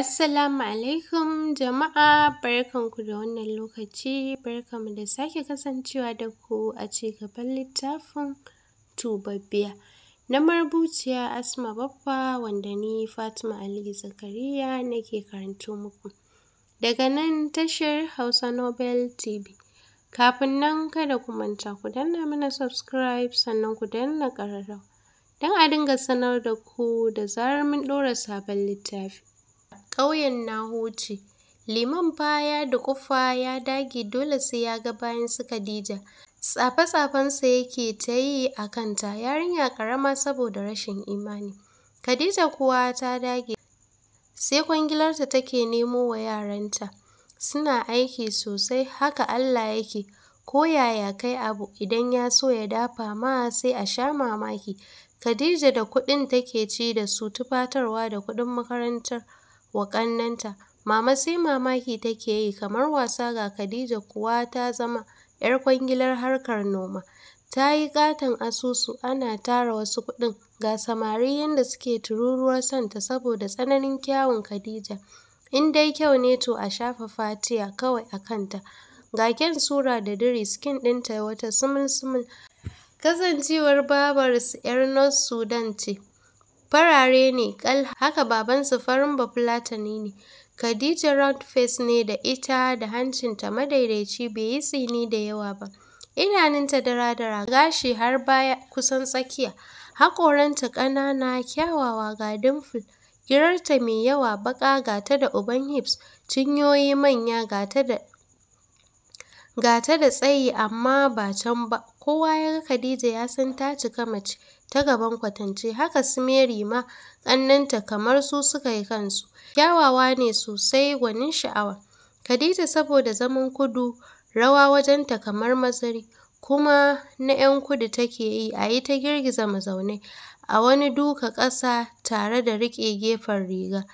Assalamu alaikum jama'a barkanku da wannan lokaci barkanmu da sake kasancewa da ku a ci gaban littafin tubabbiya na marubuciya Asma Baffa wanda ni Fatima Ali Zakariya nake karanto muku daga nan tashar Hausa Nobel TV kafin nan kada ku manta ku danna mana subscribe sannan ku danna ƙararrawa don a dinga sanar da ku da zarar mun ɗora sabon littafi ƙauyen na huce. Liman baya da ƙufa ya dage dole sai ya ga bayan su Khadija. Tsafe-tsafensa yake ta yi a kanta, yarinya ƙarama saboda rashin imani. Khadija kuwa ta dage, sai kwangilarta take nemo wa yaranta. Suna aiki sosai, haka Allah yake, ko yaya kai abu idan ya so ya dafa ma sai a sha mamaki. Khadija da kuɗin take ci da su tufatarwa da kuɗin makarantar. wa ƙannenta. Mama sai mamaki take yi kamar wasa ga Khadija kuwa ta zama 'yar kwangilar harkar noma. Ta yi ƙaton asusu ana tara wasu kuɗin ga samari yadda suke tururuwar santa saboda tsananin kyawun Khadija. In dai kyau ne to a shafa fatiya kawai a kanta. Ga kyan sura da diri skin ɗinta wata sumul-sumul. Kasancewar babarsu 'yar North Sudan ce. farare ne ƙal haka babansu farin bafulatani ne. Khadija round face ne da ita da hancinta madaidaici bai yi tsini da yawa ba. Idanunta dara-dara gashi har baya kusan tsakiya, haƙoranta ƙanana kyawawa ga dimple, girarta mai yawa baƙa gata da uban hips, cinyoyi manya gata da gata da tsayi amma ba can ba kowa ya ga Khadija ya san ta cika mace ta gaban kwatance haka su Mary ma ƙannanta kamar su suka yi kansu. Kyawawa ne sosai gwanin sha'awa. Khadija saboda zaman kudu rawa wajenta kamar mazari kuma na 'yan kudu take yi a yi ta girgiza mazaune a wani duka ƙasa tare da riƙe gefen riga.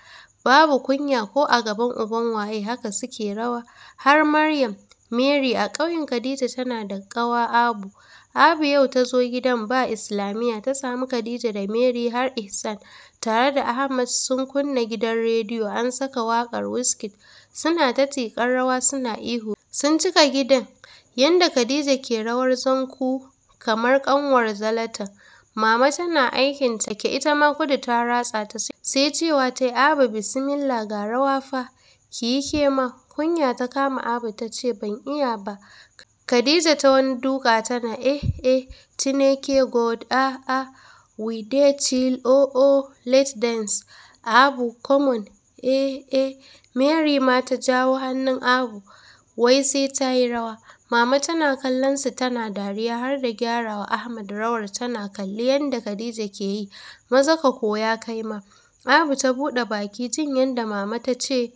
Babu kunya ko a gaban uban waye haka suke rawa har Maryam Mary a ƙauyen Khadija tana da ƙawa Abu Abu yau ta zo gidan ba Islamiyya ta samu Khadija da Mary har Ihsan tare da Ahmad sun kunna gidan rediyo an saka waƙar Wizkid suna ta tiƙar rawa suna ihu. Sun cika gidan Yadda Khadija ke rawar zanku kamar ƙanwar zalata, Mama tana aikin ta ke ita ma kudu ta ratsa ta sai cewa ta yi Abu bismillah ga rawa fa ki yi ke kunya ta kama Abu ta ce ban iya ba Khadija ta wani duka tana “Eh, eh, ke God, ah, ah, we dey chill, oh, oh, let's dance, Abu, common eh, eh,” Mary ma ta jawo hannun Abu, wai sai ta yi rawa. Mama tana kallon su tana dariya har da gyarawa Ahmad rawar tana “Kalli yadda Khadija ke yi, maza ka koya kai ma.” Abu ta buɗe baki jin yadda Mama ta ce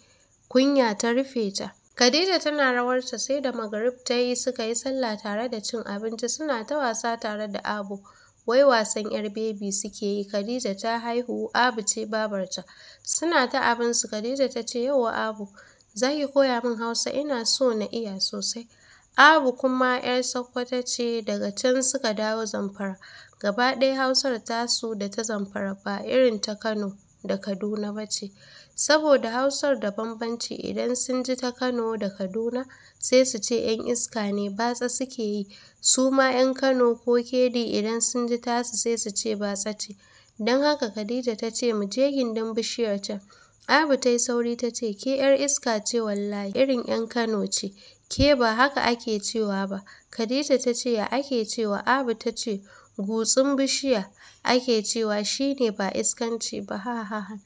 kunya ta rufe ta. Khadija tana rawarta sai da magarib ta yi suka yi sallah tare da cin abinci suna ta wasa tare da Abu. Wai wasan 'yar bebi suke yi, Khadija ta haihu, Abu ce babarta. Suna ta abinsu, Khadija ta ce yawa Abu, za koya min Hausa ina so na iya sosai. Abu kuma 'yar sakwata ce daga can suka dawo Zamfara. Gaba ɗaya Hausar tasu da ta Zamfara ba irin ta Kano da Kaduna ba ce. saboda Hausar da bambanci idan sun ji ta Kano da Kaduna sai su ce ‘yan iska ne, batsa suke yi, su ma ‘yan Kano ko Kedi idan sun ji tasu sai su ce batsa ce. Don haka Khadija ta ce mu je gindin bishiyar can. Abu ta yi sauri ta ce ke ‘yar iska ce wallahi, irin ‘yan Kano ce, ke ba haka ake cewa ba. Khadija ta ce ya ake cewa Abu ta ce gutsun bishiya ake cewa shi ne ba iskanci ba ha ha ha.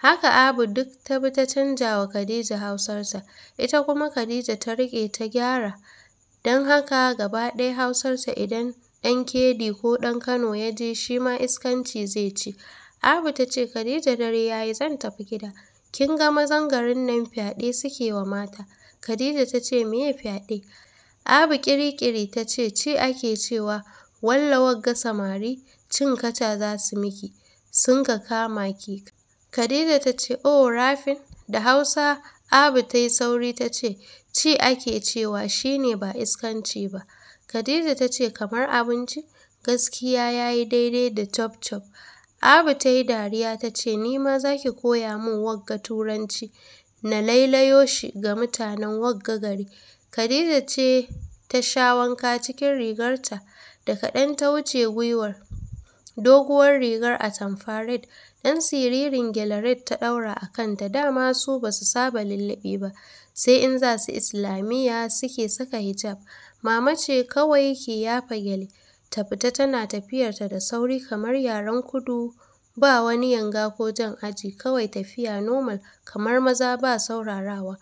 Haka Abu duk ta bi ta canja wa Khadija hausarsa ita kuma Khadija ta riƙe ta gyara. Don haka gaba ɗaya hausarsa idan ɗan Kedi ko ɗan Kano ya je shi ma iskanci zai ci. Abu ta ce, Khadija dare ya yi zan tafi gida. Kin ga mazan garin nan fyaɗe suke wa mata. Khadija ta ce meye fyaɗe? Abu ƙiriƙiri ta ce ci ake cewa wallawar ga samari cin kaca za su miki, sun ka kama ki. Khadija ta ce, "Oh, Rafin?" Da Hausa, Abu ta yi sauri ta ce, "Ci ake cewa shi ne ba iskanci ba." Khadija ta ce, "Kamar abinci?" Gaskiya ya yi daidai da chop-chop. Abu ta yi dariya ta ce, "Ni ma za ki koya min wagga Turanci, na lailayo shi ga mutanen wagga gari." Khadija ce ta sha wanka cikin rigarta, da kaɗan ta wuce gwiwar doguwar rigar atamfa red ɗan siririn gele ta ɗaura a kanta dama su ba su saba lullubi ba sai in za su islamiyya suke saka hijab mama ce kawai ke yafa gele ta fita tana tafiyarta da sauri kamar yaren kudu ba wani yanga ko jan aji kawai tafiya normal kamar maza ba saurarawa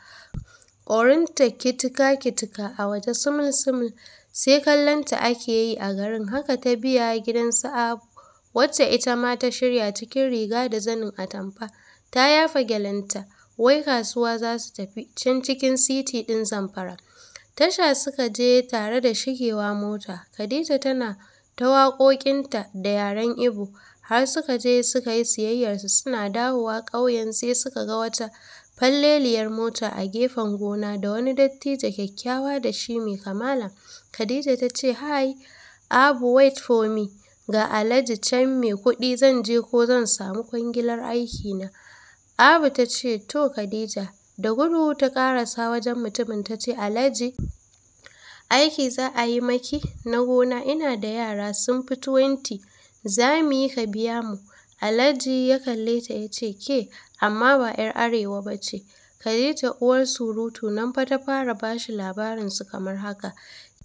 ƙorinta kitika-kitika a waje sumul-sumul sai kallonta ake yi a garin haka ta biya gidan su abu wacce ita ma ta shirya cikin riga da zanin atamfa. Ta yafa gyalenta, wai kasuwa za su tafi can cikin siti ɗin Zamfara. Tasha suka je tare da shigewa mota, Khadija tana ta waƙoƙinta da yaren Ibo, har suka je suka yi siyayyarsu suna dawowa ƙauyen sai suka ga wata falleliyar mota a gefen gona da wani dattijo kyakkyawa da shi mai kamala. Khadija ta ce, Hi, Abu wait for me. ga Alhaji can mai kuɗi zan je ko zan samu kwangilar aiki na Abu ta ce, To Khadija, da gudu ta ƙarasa wajen mutumin ta ce, Alhaji, aiki za a yi maki na gona ina da yara sun fi 20, za mu yi ka biya mu. Alhaji ya kalle ta ya ce, Ke, amma ba 'yar arewa ba ce. Khadija uwar surutu nan fa ta fara bashi su kamar haka.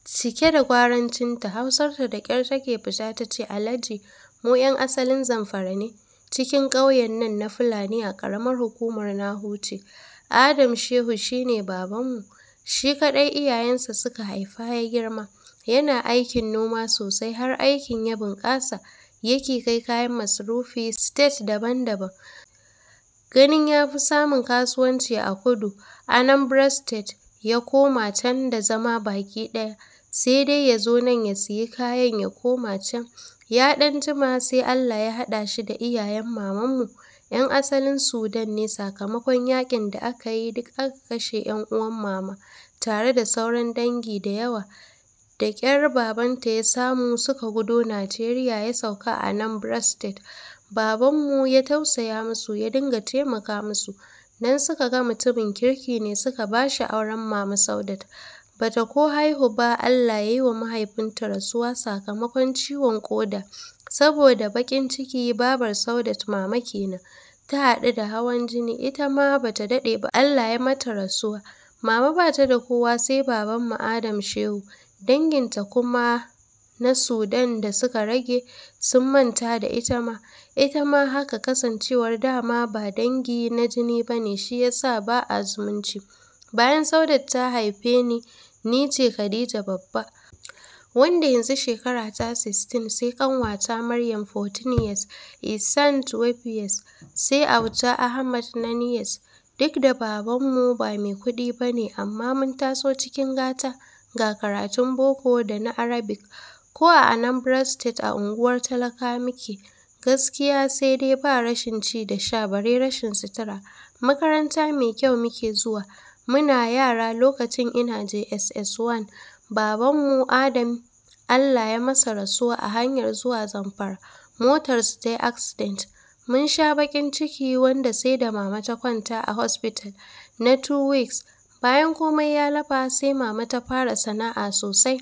Cike da gwarancinta, Hausarta da ƙyar take fita ta ce, Alhaji, mu 'yan asalin Zamfara ne, cikin ƙauyen nan na Fulani a ƙaramar hukumar nahuci Adam Shehu shi ne babanmu, shi kaɗai iyayensa suka haifa ya girma. Yana aikin noma sosai har aikin ya bunƙasa, yake kai kayan masarufi state daban-daban. Ganin ya fi samun kasuwanci a kudu, Anambra State, ya koma can da zama baki ɗaya. sai dai ya zo nan ya siyi kayan ya koma can. Ya ɗan jima sai Allah ya haɗa shi da iyayen mamanmu, 'yan asalin Sudan ne sakamakon yakin da aka yi duk aka kashe 'yan uwan mama, tare da sauran dangi da yawa. Da kyar babanta ya samu suka gudo Najeriya ya sauka a nan State. Babanmu ya tausaya musu ya dinga taimaka musu. Nan suka ga mutumin kirki ne suka ba shi auren Mama Saudat. Bata ko haihu ba Allah ya yi wa mahaifinta rasuwa sakamakon ciwon ƙoda. Saboda baƙin ciki babar Saudat mama kenan, ta haɗu da hawan jini ita ma bata daɗe ba Allah ya mata rasuwa. Mama bata da kowa sai babanmu Adam Shehu, danginta kuma na Sudan da suka rage sun manta da ita ma, ita ma haka kasancewar dama ba dangi na jini bane shi yasa ba a zumunci. Bayan Saudat ta haife ni Ni ce Khadija babba. Wanda yanzu shekara ta 16 sai kanwata Maryam 14 years, Isan 12 years, sai Auta Ahmad 9 years. Duk da babanmu ba mai kuɗi ba ne amma mun taso cikin gata ga karatun boko da na Arabic. Ko a Anambra State a unguwar talaka muke. Gaskiya sai dai ba rashin ci da sha bare rashin sutura. Makaranta mai kyau muke zuwa. Muna yara lokacin ina JSS1, babanmu Adam Allah ya masa rasuwa a hanyar zuwa Zamfara, Motar ta yi accident. Mun sha bakin ciki wanda sai da mama ta kwanta a hospital na two weeks. Bayan komai ya lafa sai mama ta fara sana'a sosai.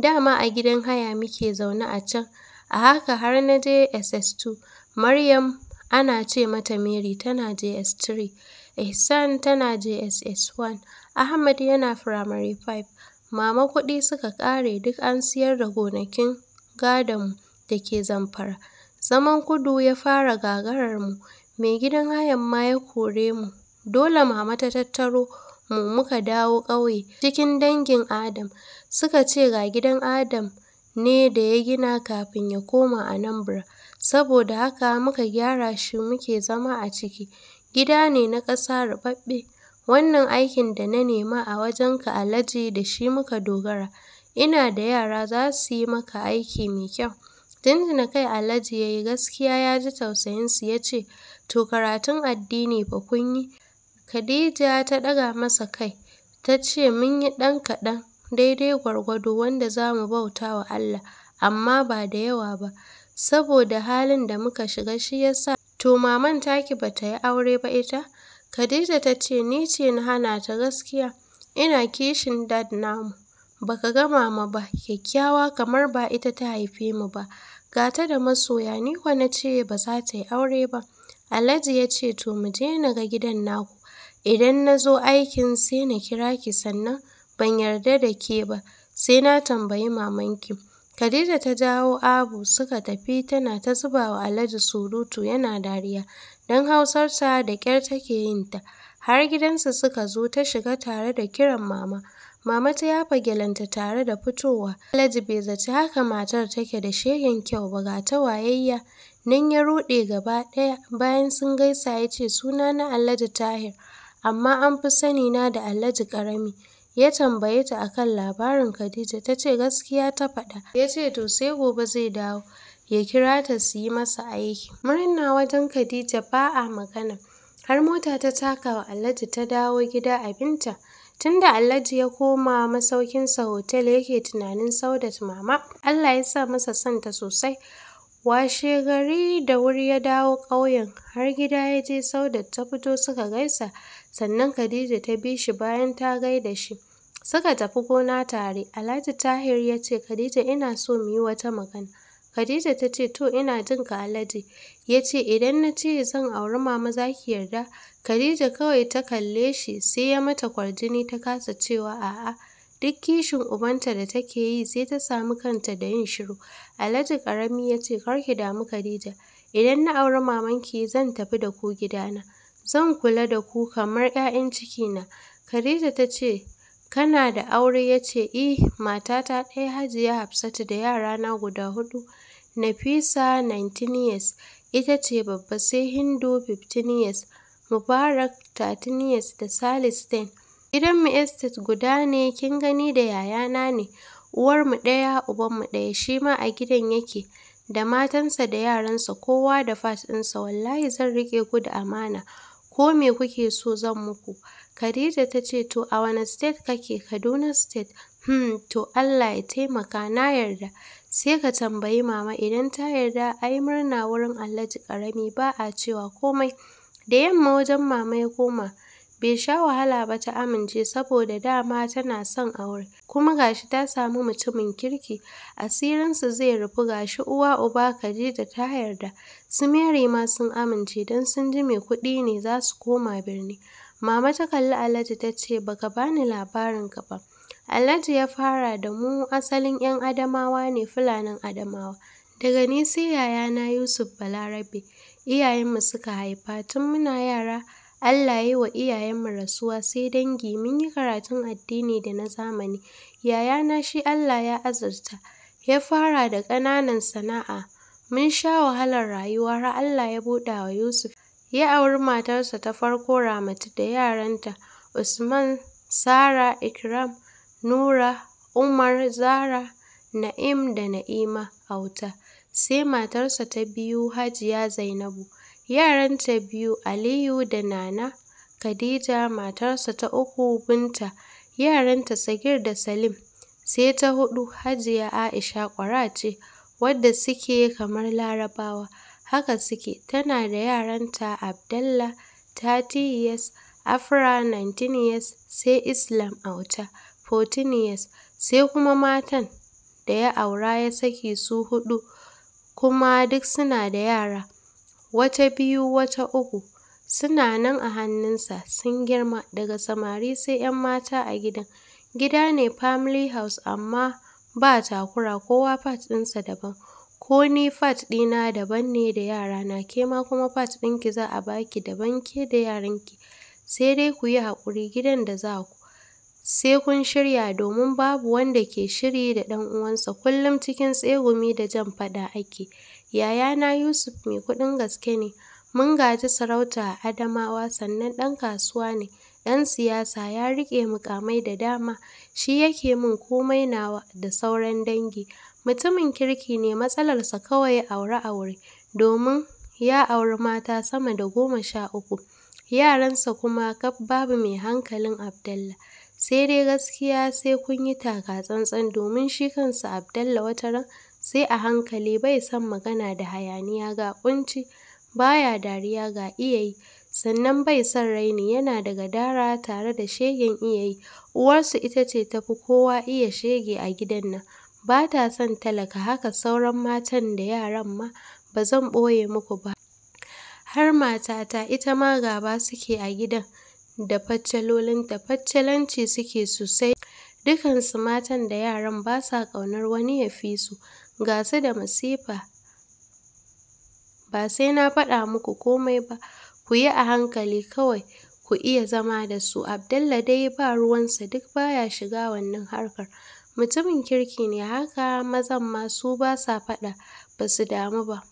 Dama a gidan haya muke zaune a can, a haka har na JSS 2 Maryam ana ce mata Mary tana JS3. Ihsan tana JSS 1, Ahmad yana Firamare 5. Mama kuɗi suka ƙare duk an siyar da gonakin gadonmu da ke Zamfara. Zaman kudu ya fara gagararmu, mai gidan hayan ma ya kore mu. Dole mama ta tattaro mu muka dawo ƙauye cikin dangin Adam. Suka ce ga gidan Adam ne da ya gina kafin ya koma Anambra, saboda haka muka gyara shi muke zama a ciki. Gida ne na ƙasa ruɓaɓɓe. Wannan aikin da na nema a wajenka Alhaji da shi muka dogara. Ina da yara za su yi maka aiki mai kyau. Jinjina kai Alhaji ya yi gaskiya ya ji tausayinsu ya ce, To karatun addini fa kun yi? Khadija ta ɗaga masa kai, ta ce mun yi ɗan kaɗan, daidai gwargwado wanda za mu bauta wa Allah, amma ba da yawa ba, saboda halin da muka shiga shi ya sa To maman taki ba ta yi aure ba ita? Khadija ta ce ni ce na hana ta gaskiya, ina kishin dad namu. Ba ka ga mama ba, kyakkyawa kamar ba ita ta haife mu ba. Ga ta da masoya ni kwa na ce ba za ta yi aure ba. Alhaji ya ce to mu je na ga gidan naku. Idan na zo aikin sai na kira ki sannan ban yarda da ke ba, sai na tambayi mamanki. Khadija ta jawo Abu suka tafi tana ta zuba wa Alhaji surutu yana dariya, don Hausarta da ƙyar take yin ta. Har gidansu suka zo ta shiga tare da kiran mama. Mama ta yafa gyalenta tare da fitowa. Alhaji bai zaci haka matar take da shegen kyau ba ga ta wayayya. Nan ya ruɗe gaba ɗaya bayan sun gaisa ya ce suna na Alhaji Tahir amma an fi sani na da Alhaji Ƙarami. Ya tambaye ta akan labarin Khadija ta ce gaskiya ta faɗa. Ya ce to sai gobe zai dawo ya kira ta su yi masa aiki. Murna wajen Khadija ba a magana. Har mota ta taka wa Alhaji ta dawo gida abinta. Tunda Alhaji ya koma masaukin sa hotel yake tunanin Saudat mama. Allah ya sa masa santa sosai. Washe gari da wuri ya dawo ƙauyen har gida ya je Saudat ta fito suka gaisa sannan Khadija ta bi shi bayan ta gaida shi. Suka tafi gona tare, Alhaji Tahir ya ce, Khadija ina so mu yi wata magana. Khadija ta ce, To, ina jin ka Alhaji. Ya ce, Idan na ce zan auri mama za ki yarda, Khadija kawai ta kalle shi sai ya mata kwarjini ta kasa cewa a'a. Duk kishin ubanta da take yi sai ta samu kanta da yin shiru. Alhaji ƙarami ya ce, Kar ki damu Khadija, idan na auri mamanki zan tafi da ku gidana. Zan kula da ku kamar ‘ya'yan cikina. Khadija ta ce, Kana da aure? Ya ce, Eh, matata ɗaya Hajiya Hafsatu da yarana guda huɗu. Nafisa 19 years, ita ce babba sai Hindu 15 years, Mubarak 13 years da Salis 10. mu estate guda ne, kin gani da yayana ne. Uwarmu ɗaya, ubanmu ɗaya, shi ma a gidan yake. Da matansa da yaransa kowa da fat ɗinsa, wallahi zan riƙe ku da amana. ko me kuke so zan muku Khadija ta ce to a wani state kake Kaduna state hmm to Allah ya taimaka na yarda sai ka tambayi mama idan ta yarda ai murna wurin Alhaji karami ba a cewa komai da yamma wajen mama ya koma Bai sha wahala ba ta amince saboda dama tana son aure, kuma gashi ta samu mutumin kirki, asirinsu zai rufu gashi uwa uba Khadija ta yarda, su Mary ma sun amince don sun ji mai kuɗi ne za su koma birni. Mama ta kalli Alhaji ta ce baka bani labarin ka ba. Alhaji ya fara da mu asalin 'yan Adamawa ne Fulanin Adamawa. Daga ni sai yayana Yusuf Balarabe, iyayenmu suka haifa tun muna yara Allah ya yi wa iyayenmu rasuwa sai dangi mun yi karatun addini da na zamani. Yayana shi Allah ya azurta, ya fara da ƙananan sana'a. Mun sha wahalar rayuwa har Allah ya buɗa wa Yusuf. Ya auri matarsa ta farko Ramatu da yaranta Usman, Sara, Ikram, Nura, Umar, Zara, Na'im da Na'ima auta. Sai matarsa ta biyu Hajiya Zainabu. Yaranta biyu, Aliyu da Nana Khadija matarsa ta uku Binta, yaranta Sagir da Salim, sai ta huɗu Hajiya Aisha ƙwara ce wadda suke kamar Larabawa, haka suke, tana da yaranta Abdallah 30 years, Afra 19 years, sai Islam Auta 14 years, sai kuma matan da ya aura ya saki su huɗu kuma duk suna da yara. wata biyu wata uku, suna nan a hannunsa, sun girma, daga samari sai 'yan mata a gidan. Gida ne family house amma ba takura, kowa fat ɗinsa daban. Ko ni fat ɗina daban ne da yarana, ke ma kuma fat ɗinki za a baki daban ke da yaranki, sai dai ku yi haƙuri gidan da za ku. Sai kun shirya domin babu wanda ke shiri da ɗan uwansa, kullum cikin tsegumi da jan faɗa ake. Yayana Yusuf mai kuɗin gaske ne, mun gaji sarauta a Adamawa sannan ɗan kasuwa ne, ɗan siyasa, ya riƙe mukamai da dama, shi yake min komai nawa da sauran dangi. Mutumin kirki ne, matsalarsa kawai aure-aure, domin ya auri mata sama da goma sha uku, yaransa kuma kaf babu mai hankalin Abdallah. Sai dai gaskiya sai kun yi taka-tsantsan domin shi kansa Abdallah ran sai a hankali bai san magana da hayaniya ga kunci baya dariya ga iyayi sannan bai son raini yana da dara tare da shegen iyayi uwarsu ita ce ta fi kowa iya shege a gidan nan ba ta son talaka haka sauran matan da yaran ma ba zan ɓoye muku ba har matata ita ma gaba suke a gidan da faccalolinta faccalanci suke sosai dukansu matan da yaran ba sa ƙaunar wani ya fi su ga su da masifa ba sai na faɗa muku komai ba ku yi a hankali kawai ku iya zama da su abdalla dai ba ruwansa duk baya shiga wannan harkar mutumin kirki ne haka mazan masu ba sa faɗa ba su damu ba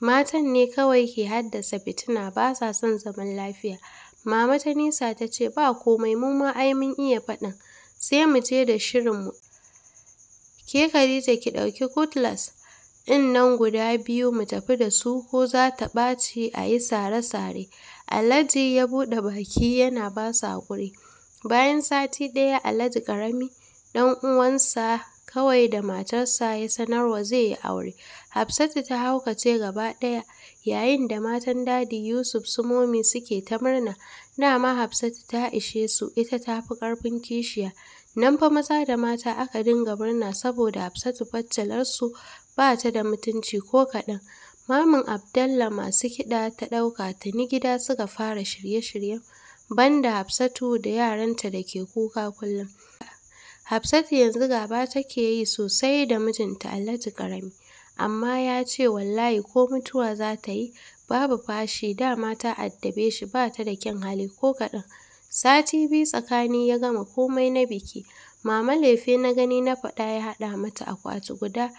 matan ne kawai ke haddasa fitina ba sa son zaman lafiya mama ta nisa ta ce ba komai mu ma ai mun iya faɗin sai mu je da shirinmu Ke Khadija ki ɗauki cutlass In nan guda biyu mu tafi da su ko za ta ɓaci a yi sare-sare. Alhaji ya buɗe baki yana ba su haƙuri. Bayan sati ɗaya Alhaji ƙarami ɗan uwansa kawai da matarsa ya sanarwa zai yi aure. Hafsatu ta haukace gaba ɗaya yayin da matan dadi Yusuf su momi suke ta murna. Dama Hafsatu ta ishe su ita ta fi ƙarfin kishiya. Nan fa maza da mata aka dinga murna saboda Hafsatu baccelarsu ba ta da mutunci ko kaɗan. Mamin abdalla masu kiɗa ta ɗauka tuni gida suka fara shirye-shiryen banda Hafsatu da yaranta da ke kuka kullum. Hafsatu yanzu ga gaba take yi sosai da mijinta Alhaji Karami, amma ya ce wallahi ko mutuwa za ta yi babu fashi dama ta addabe shi ba ta da kyan hali ko kaɗan. Sati biyu tsakani ya gama komai na biki. Mama lefe na gani na faɗa ya haɗa mata akwati guda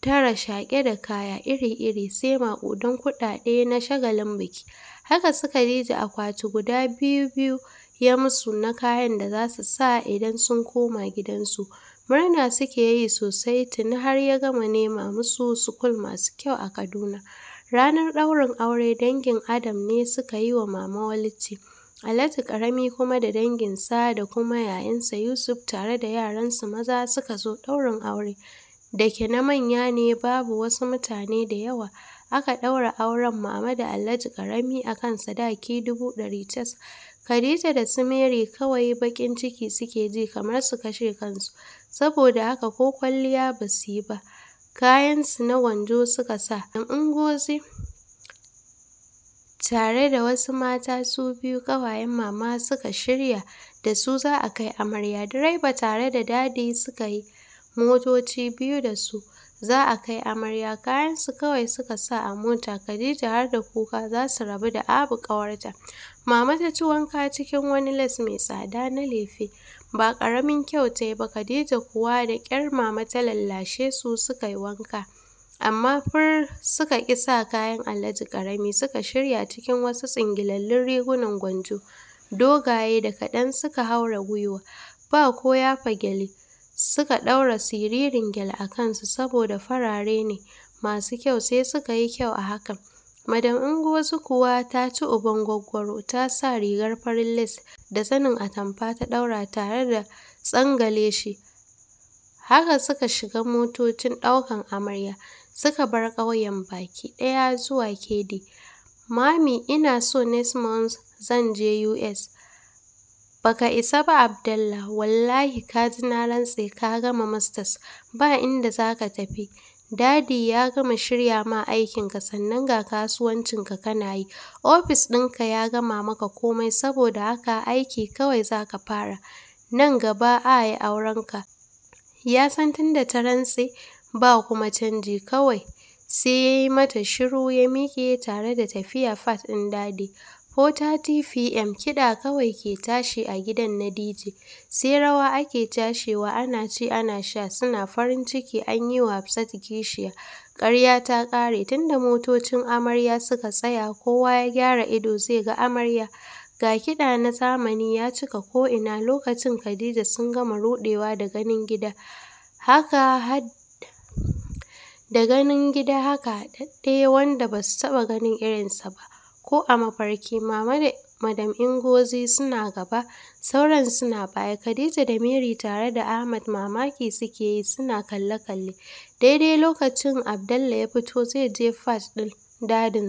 tara shaƙe da kaya iri-iri sai maƙudan kuɗaɗe na shagalin biki. Haka suka rije akwati guda biyu-biyu ya musu na kayan da za su sa idan sun koma gidansu. Murna suke yi sosai tuni har ya gama nema musu sukul masu kyau a Kaduna. Ranar ɗaurin aure dangin Adam ne suka yi wa Mama walici. Alhaji Karami kuma da danginsa da kuma yayansa Yusuf tare da yaransu maza suka zo ɗaurin aure, Dake na manya ne babu wasu mutane da yawa. Aka ɗaura auren Mama da Alhaji Karami a kan sadaki dubu ɗari tas Khadija da Sumeri kawai baƙin ciki suke ji kamar su kashe kansu, saboda haka ko kwalliya ba su yi ba. Kayansu na wando suka sa, da Ungozi tare da wasu mata su biyu kawayen Mama suka shirya da su za a kai amarya. Direba tare da Dadi suka yi motoci biyu da su za a kai amarya. kayan su kawai suka sa a mota, Khadija har da kuka za su rabu da Abu ƙawarta. Mama ta ci wanka cikin wani les mai tsada na lefe. Ba ƙaramin kyau ta yi ba, Khadija kuwa da kyar Mama ta lallashe su suka yi wanka. amma fur suka ƙi sa kayan Alhaji ƙarami suka shirya cikin wasu tsingilallin rigunan gwanjo, dogaye da kaɗan suka haura gwiwa, ba ko ya fagele, suka ɗaura siririn gyale a kansu saboda farare ne masu kyau sai suka yi kyau a hakan. Madam Ingozu kuwa ta ci uban gwaggwaro ta sa rigar farin lace da sanin atamfa ta ɗaura tare da tsangale shi. Haka suka shiga motocin ɗaukan amarya. suka bar ƙauyen baki ɗaya zuwa Kedi. Mami ina so next month zan je US. Baka isa ba abdalla wallahi ka ji na rantse ka gama masters ba inda za ka tafi. Dadi ya gama shirya ma aikinka sannan ga kasuwancinka kana yi. Ofis ɗinka ya gama maka komai saboda haka aiki kawai za ka fara. Nan gaba a yi aurenka. Ya san tunda ta rantse ba kuma canji kawai. Sai ya yi mata shiru ya miƙe tare da tafiya fat ɗin dadi. 4:30 PM kiɗa kawai ke tashi a gidan na DJ. Sai rawa ake tashewa ana ci ana sha suna farin ciki an yi wa Hafsat kishiya. Ƙarya ta ƙare tunda motocin amarya suka tsaya kowa ya gyara ido zai ga amarya. Ga kiɗa na zamani ya cika ko'ina lokacin Khadija sun gama ruɗewa da ganin gida. Haka had da ganin gida haka haɗaɗɗe wanda ba su taɓa ganin irinsa ba ko a mafarki mama da madam Ingozi suna gaba sauran suna baya Khadija da Mary tare da Ahmad mamaki suke yi suna kalle-kalle daidai lokacin Abdalla ya fito zai je fat ɗin dadin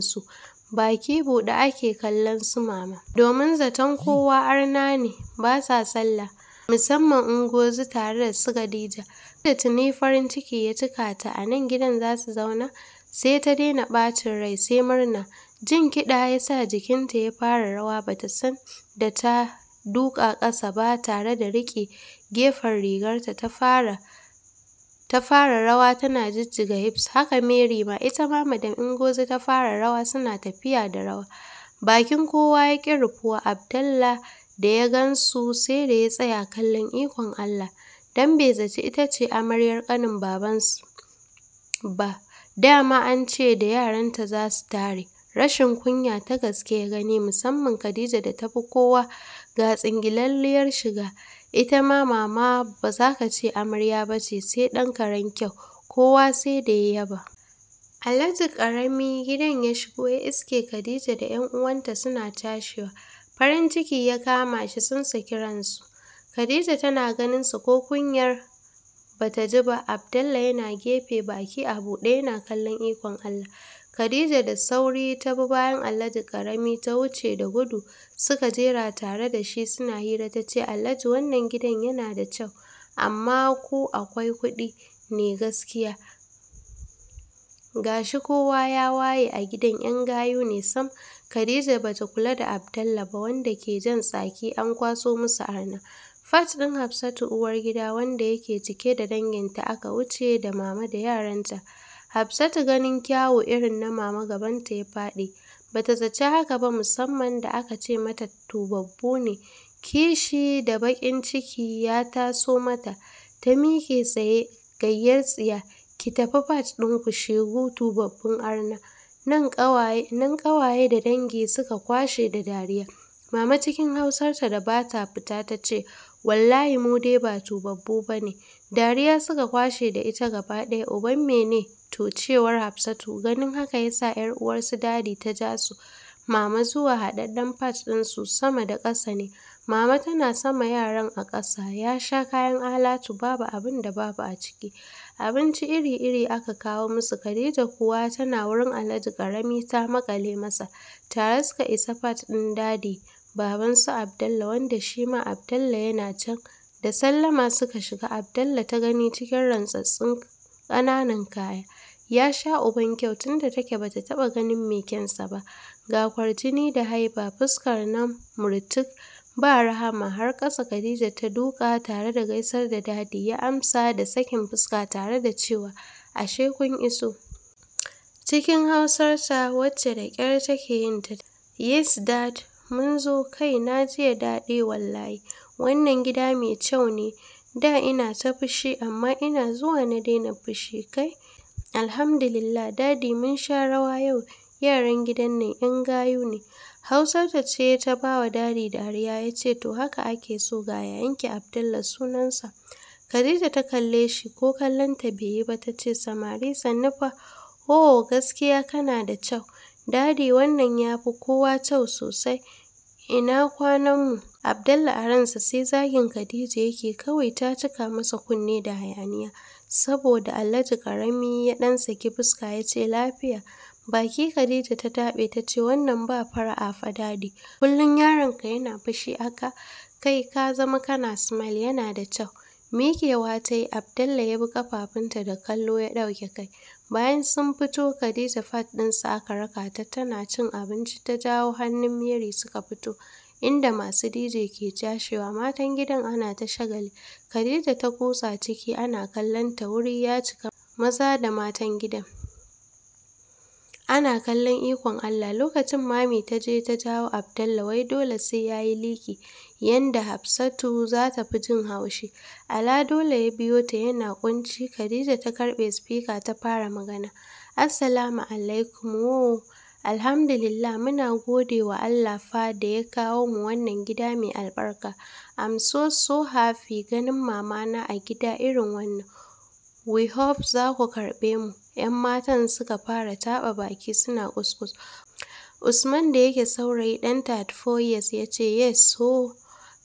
baki buɗe ake kallon su mama domin zaton kowa arna ne ba sa sallah musamman Ungozi tare da su Khadija Da tuni farin ciki ya cika ta a nan gidan za su zauna, sai ta daina ɓacin rai sai murna. Jin kiɗa ya sa jikinta ya fara rawa ba ta san da ta duka ƙasa ba tare da riƙe gefen rigarta ta fara ta fara rawa tana jijjiga hips haka Mary ma ita ma Madam Ingozi ta fara rawa suna tafiya da rawa. Bakin kowa ya ƙi rufuwa Abdallah da ya gansu sai da ya tsaya kallon ikon Allah. don bai zaci ita ce amaryar ƙanin babansu ba. Dama an ce da yaranta za su tare. Rashin kunya ta gaske ya gani musamman Khadija da tafi kowa ga tsingilalliyar shiga. Ita ma mama ba za ka ce amarya ba ce sai ɗan karen kyau, kowa sai da ya yaba. Alhaji karami gidan ya shigo ya iske Khadija da ‘yan uwanta suna tashiwa. Farin ciki ya kama shi sun saki ransu. Khadija tana ganin su ko kunyar bata ji ba Abdalla yana gefe baki a buɗe yana kallon ikon Allah. Khadija da sauri ta bi bayan Alhaji karami ta wuce da gudu suka jera tare da shi suna hira ta ce Alhaji wannan gidan yana da kyau amma ko akwai kuɗi ne gaskiya. Gashi kowa ya waye a gidan 'yan gayu ne sam Khadija bata kula da Abdalla ba wanda ke jan tsaki an kwaso musu arna. Fat ɗin Hafsatu uwar gida wanda yake cike da danginta aka wuce da mama da yaranta. Hafsatu ganin kyawu irin na mama gabanta ya faɗi. ta zaci haka ba musamman da aka ce mata tubabbu ne. Kishi da baƙin ciki ya taso mata. Ta miƙe tsaye gayyar tsiya ki tafi fat ɗin ku shigo tubabbun arna. Nan ƙawaye da dangi suka kwashe da dariya. Mama cikin hausarta da ba ta fita ta ce wallahi mu dai ba tubabbu ba ne. Dariya suka kwashe da ita gaba ɗaya uban mene to cewar Hafsatu ganin haka ya sa ‘yar uwarsu dadi ta ja su. Mama zuwa haɗaɗɗen fat su, sama da ƙasa ne. Mama tana sama yaran a ƙasa ya sha kayan alatu babu abin da babu a ciki. Abinci iri-iri aka kawo musu Khadija kuwa tana wurin Alhaji ƙarami ta maƙale masa. Tare suka isa fat ɗin dadi. baban su Abdallah wanda shi ma Abdallah yana can. Da sallama suka shiga Abdallah ta gani cikin rantsatsun ƙananan kaya. Ya sha uban kyau tunda take bata taba ganin mai kyansa ba. Ga kwartini da haifa fuskar nan murtuk ba rahama har ƙasa Khadija ta duka tare da gaisar da dadi ya amsa da sakin fuska tare da cewa ashe kun iso. Cikin hausarsa wacce da ƙyar take yin ta yes dad mun zo kai na jiya daɗe wallahi, wannan gida mai kyau ne, da ina ta fushi amma ina zuwa na daina fushi kai. Alhamdulillah dadi mun sha rawa yau, yaran gidan nan 'yan gayu ne. Hausarta ce ta ba wa dadi dariya ya ce to haka ake so ga yayanki Abdullah sunansa. Khadija ta kalle shi ko kallonta bai yi ba ta ce samari sannu fa, oh gaskiya kana da kyau. Dadi wannan ya fi kowa kyau sosai. Ina kwananmu? Abdalla a ransa sai zagin Khadija yake kawai ta cika masa kunne da hayaniya. Saboda Alhaji ƙarami ya ɗan saki fuska ya ce lafiya. Baki Khadija ta taɓe ta ce wannan ba fara'a fa dadi. Kullum yaronka yana fushi haka? Kai ka zama kana smile yana da kyau. mikewa ta yi Abdalla ya bi kafafunta da kallo ya ɗauke kai. Bayan sun fito Khadija fat su aka raka ta tana cin abinci ta jawo hannun Mary suka fito inda masu DJ ke cashewa matan gidan ana ta shagali. Khadija ta kutsa ciki ana kallon ta wuri ya cika maza da matan gidan. Ana kallon ikon Allah lokacin Mami ta je ta jawo Abdalla wai dole sai ya yi liki, yanda Hafsatu za ta fi jin haushi. Ala dole ya biyo ta yana ƙunci, Khadija ta karɓe spika ta fara magana. Assalamu alaikum wo. Alhamdulillah muna gode wa Allah fa da ya kawo mu wannan gida mai albarka. I'm so so happy ganin mamana a gida irin wannan. We hope za ku karɓe mu. 'yan matan suka fara taɓa baki suna kuskus. Usman da yake saurayi ɗan 34 years ya ce yes so.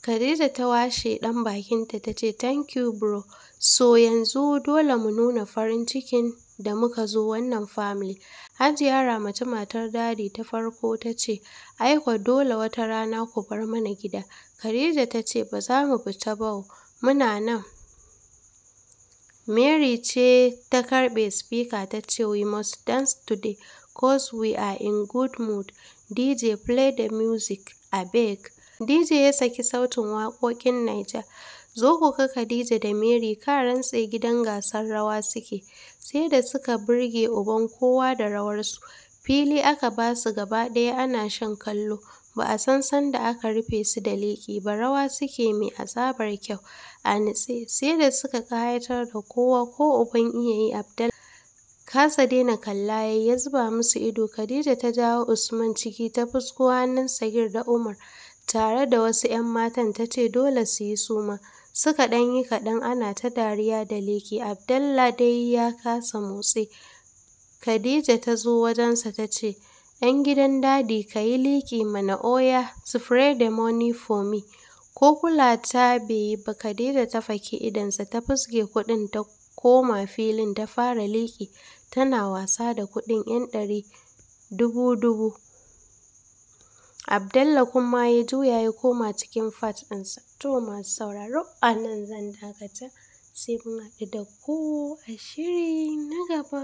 Khadija ta washe ɗan bakinta ta ce thank you bro. So yanzu dole mu nuna farin cikin da muka zo wannan family. Hajiya Ramatu matar dadi ta farko ta ce, Aiko dole wata rana ku bar mana gida. Khadija ta ce, Ba za mu fita ba, muna nan. Mary ce ta karɓe speaker ta ce "We must dance today 'cause we are in good mood, DJ play the music a abeg." DJ ya saki sautin waƙoƙin Niger, zo ku ka Khadija da Mary ka rantse gidan gasar rawa suke, sai da suka burge uban kowa da rawarsu, fili aka basu gaba ɗaya ana shan kallo, ba a san sanda aka rufe su da leƙi ba rawa suke mai azabar kyau. a nitse sai da suka kayatar da kowa ko uban iya yi abdal kasa daina kalla ya zuba musu ido khadija ta jawo usman ciki ta fusko hannun sagir da umar tare da wasu 'yan matan ta ce dole su yi suma suka ɗan yi kaɗan ana ta dariya da liki. abdalla dai ya kasa motsi khadija ta zo wajensa ta ce 'yan gidan dadi ka yi leke mana oya spray the money for me Ko kula ta bai ba Khadija ta faki idonsa ta fusge kuɗin ta koma filin ta fara liki tana wasa da kuɗin 'yan ɗari dubu-dubu. abdalla kuma ya juya ya koma cikin fat ɗinsa. To masu sauraro a nan zan dakata sai mun haɗu da ku a shiri na gaba.